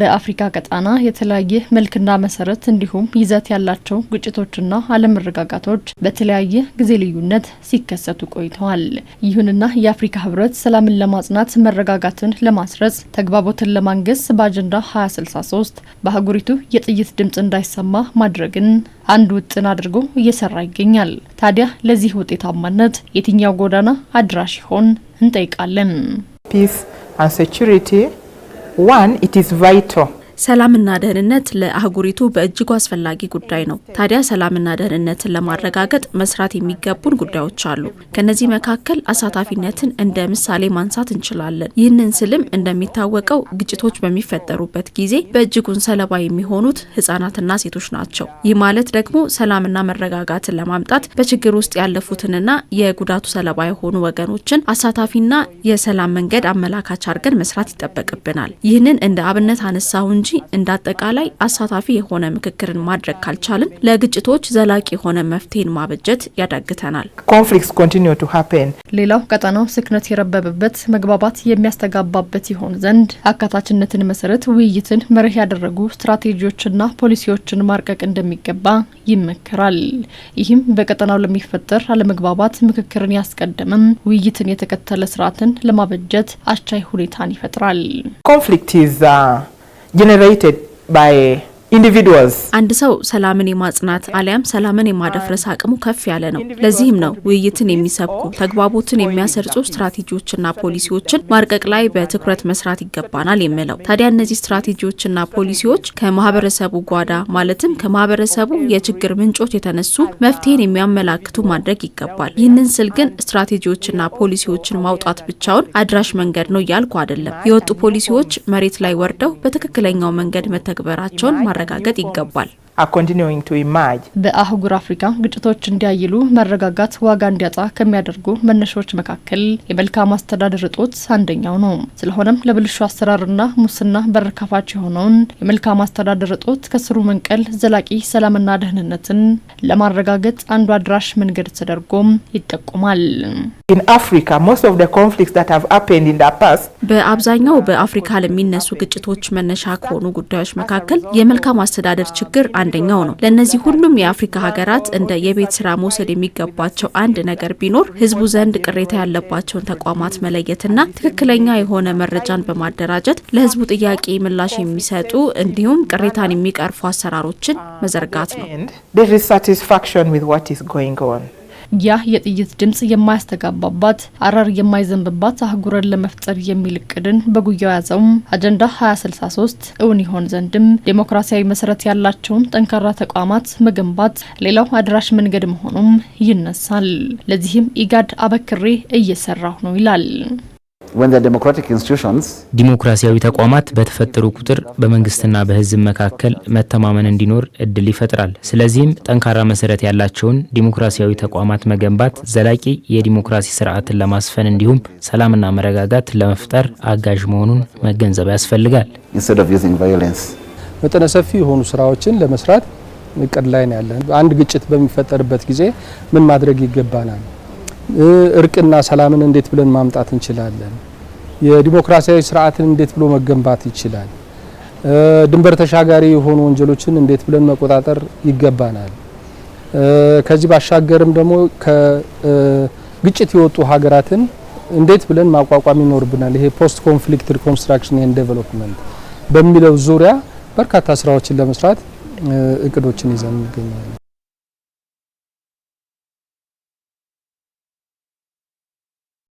በአፍሪካ ቀጣና የተለያየ መልክና መሰረት እንዲሁም ይዘት ያላቸው ግጭቶችና አለመረጋጋቶች በተለያየ ጊዜ ልዩነት ሲከሰቱ ቆይተዋል። ይሁንና የአፍሪካ ህብረት ሰላምን ለማጽናት መረጋጋትን ለማስረጽ ተግባቦትን ለማንገስ በአጀንዳ 2063 በአህጉሪቱ የጥይት ድምፅ እንዳይሰማ ማድረግን አንድ ውጥን አድርጎ እየሰራ ይገኛል። ታዲያ ለዚህ ውጤታማነት የትኛው ጎዳና አድራሽ ይሆን እንጠይቃለን። ፒስ አንድ ሴኩሪቲ One, it is vital ሰላምና ደህንነት ለአህጉሪቱ በእጅጉ አስፈላጊ ጉዳይ ነው። ታዲያ ሰላምና ደህንነትን ለማረጋገጥ መስራት የሚገቡን ጉዳዮች አሉ። ከነዚህ መካከል አሳታፊነትን እንደ ምሳሌ ማንሳት እንችላለን። ይህንን ስልም እንደሚታወቀው ግጭቶች በሚፈጠሩበት ጊዜ በእጅጉን ሰለባ የሚሆኑት ህጻናትና ሴቶች ናቸው። ይህ ማለት ደግሞ ሰላምና መረጋጋትን ለማምጣት በችግር ውስጥ ያለፉትንና የጉዳቱ ሰለባ የሆኑ ወገኖችን አሳታፊና የሰላም መንገድ አመላካች አድርገን መስራት ይጠበቅብናል። ይህንን እንደ አብነት አነሳሁ እንጂ እንጂ እንደ አጠቃላይ አሳታፊ የሆነ ምክክርን ማድረግ ካልቻልን ለግጭቶች ዘላቂ የሆነ መፍትሄን ማበጀት ያዳግተናል። ሌላው ቀጠናው ስክነት የረበበበት መግባባት የሚያስተጋባበት ይሆን ዘንድ አካታችነትን መሰረት ውይይትን መርህ ያደረጉ ስትራቴጂዎችና ፖሊሲዎችን ማርቀቅ እንደሚገባ ይመከራል። ይህም በቀጠናው ለሚፈጠር አለመግባባት ምክክርን ያስቀደመም ውይይትን የተከተለ ስርዓትን ለማበጀት አስቻይ ሁኔታን ይፈጥራል። generated by አንድ ሰው ሰላምን የማጽናት አሊያም ሰላምን uh, የማደፍረስ አቅሙ ከፍ ያለ ነው። ለዚህም ነው ውይይትን የሚሰብኩ ተግባቦትን የሚያሰርጹ ስትራቴጂዎችና ፖሊሲዎችን ማርቀቅ ላይ በትኩረት መስራት ይገባናል የምለው። ታዲያ እነዚህ ስትራቴጂዎችና ፖሊሲዎች ከማህበረሰቡ ጓዳ ማለትም ከማህበረሰቡ የችግር ምንጮች የተነሱ መፍትሄን የሚያመላክቱ ማድረግ ይገባል። ይህንን ስል ግን ስትራቴጂዎችና ፖሊሲዎችን ማውጣት ብቻውን አድራሽ መንገድ ነው እያልኩ አይደለም። የወጡ ፖሊሲዎች መሬት ላይ ወርደው በትክክለኛው መንገድ መተግበራቸውን ማረጋገጥ ይገባል። በአህጉር አፍሪካ ግጭቶች እንዲያይሉ መረጋጋት ዋጋ እንዲያጣ ከሚያደርጉ መነሻዎች መካከል የመልካም አስተዳደር እጦት አንደኛው ነው። ስለሆነም ለብልሹ አሰራርና ሙስና በር ከፋች የሆነውን የመልካም አስተዳደር እጦት ከስሩ መንቀል ዘላቂ ሰላምና ደህንነትን ለማረጋገጥ አንዱ አድራሽ መንገድ ተደርጎም ይጠቁማል። በአብዛኛው በአፍሪካ ለሚነሱ ግጭቶች መነሻ ከሆኑ ጉዳዮች መካከል የመልካም አስተዳደር ችግር አንደኛው ነው። ለእነዚህ ሁሉም የአፍሪካ ሀገራት እንደ የቤት ስራ መውሰድ የሚገባቸው አንድ ነገር ቢኖር ህዝቡ ዘንድ ቅሬታ ያለባቸውን ተቋማት መለየትና ትክክለኛ የሆነ መረጃን በማደራጀት ለህዝቡ ጥያቄ ምላሽ የሚሰጡ እንዲሁም ቅሬታን የሚቀርፉ አሰራሮችን መዘርጋት ነው። ያ የጥይት ድምጽ የማያስተጋባባት አረር የማይዘንብባት አህጉረን ለመፍጠር የሚል እቅድን በጉያው ያዘውም አጀንዳ 2063 እውን ይሆን ዘንድም ዴሞክራሲያዊ መሰረት ያላቸውን ጠንካራ ተቋማት መገንባት ሌላው አድራሽ መንገድ መሆኑም ይነሳል። ለዚህም ኢጋድ አበክሬ እየሰራሁ ነው ይላል። ዲሞክራሲያዊ ተቋማት በተፈጠሩ ቁጥር በመንግስትና በህዝብ መካከል መተማመን እንዲኖር እድል ይፈጥራል። ስለዚህም ጠንካራ መሰረት ያላቸውን ዲሞክራሲያዊ ተቋማት መገንባት ዘላቂ የዲሞክራሲ ስርዓትን ለማስፈን እንዲሁም ሰላምና መረጋጋት ለመፍጠር አጋዥ መሆኑን መገንዘብ ያስፈልጋል። መጠነ ሰፊ የሆኑ ስራዎችን ለመስራት እቅድ ላይ ነው ያለን። አንድ ግጭት በሚፈጠርበት ጊዜ ምን ማድረግ ይገባናል? እርቅና ሰላምን እንዴት ብለን ማምጣት እንችላለን? የዲሞክራሲያዊ ስርዓትን እንዴት ብሎ መገንባት ይችላል? ድንበር ተሻጋሪ የሆኑ ወንጀሎችን እንዴት ብለን መቆጣጠር ይገባናል? ከዚህ ባሻገርም ደግሞ ከግጭት የወጡ ሀገራትን እንዴት ብለን ማቋቋም ይኖርብናል? ይሄ ፖስት ኮንፍሊክት ሪኮንስትራክሽን ኤንድ ዴቨሎፕመንት በሚለው ዙሪያ በርካታ ስራዎችን ለመስራት እቅዶችን ይዘን እንገኛለን።